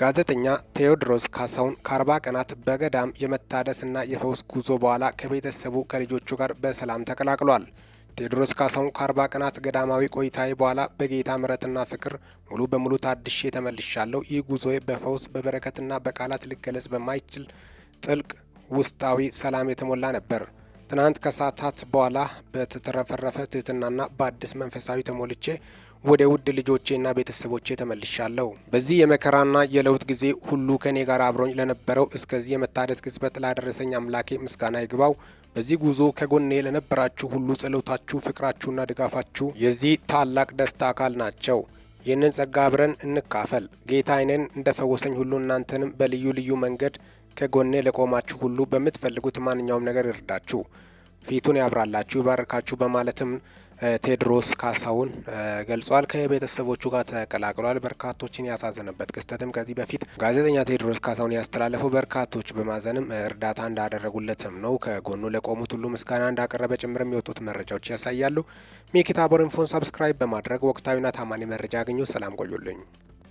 ጋዜጠኛ ቴዎድሮስ ካሳሁን ከአርባ ቀናት በገዳም የመታደስና የፈውስ ጉዞ በኋላ ከቤተሰቡ ከልጆቹ ጋር በሰላም ተቀላቅሏል። ቴዎድሮስ ካሳሁን ከአርባ ቀናት ገዳማዊ ቆይታዬ በኋላ በጌታ ምሕረትና ፍቅር ሙሉ በሙሉ ታድሼ ተመልሻለሁ። ይህ ጉዞዬ በፈውስ በበረከትና በቃላት ሊገለጽ በማይችል ጥልቅ ውስጣዊ ሰላም የተሞላ ነበር። ትናንት ከሰዓታት በኋላ በተትረፈረፈ ትህትናና በአዲስ መንፈሳዊ ተሞልቼ ወደ ውድ ልጆቼና ቤተሰቦቼ ተመልሻለሁ። በዚህ የመከራና የለውጥ ጊዜ ሁሉ ከኔ ጋር አብሮኝ ለነበረው እስከዚህ የመታደስ ቅጽበት ላደረሰኝ አምላኬ ምስጋና ይግባው። በዚህ ጉዞ ከጎኔ ለነበራችሁ ሁሉ ጸሎታችሁ፣ ፍቅራችሁና ድጋፋችሁ የዚህ ታላቅ ደስታ አካል ናቸው። ይህንን ጸጋ አብረን እንካፈል። ጌታ አይኔን እንደፈወሰኝ ሁሉ እናንተንም በልዩ ልዩ መንገድ ከጎኔ ለቆማችሁ ሁሉ በምትፈልጉት ማንኛውም ነገር ይርዳችሁ፣ ፊቱን ያብራላችሁ፣ ይባርካችሁ በማለትም ቴዎድሮስ ካሳሁን ገልጿል። ከቤተሰቦቹ ጋር ተቀላቅሏል። በርካቶችን ያሳዘነበት ክስተትም ከዚህ በፊት ጋዜጠኛ ቴድሮስ ካሳሁን ያስተላለፈው በርካቶች በማዘንም እርዳታ እንዳደረጉለትም ነው። ከጎኑ ለቆሙት ሁሉ ምስጋና እንዳቀረበ ጭምርም የወጡት መረጃዎች ያሳያሉ። ሚኪታቦር ኢንፎን ሳብስክራይብ በማድረግ ወቅታዊና ታማኒ መረጃ ያገኙ። ሰላም ቆዩልኝ።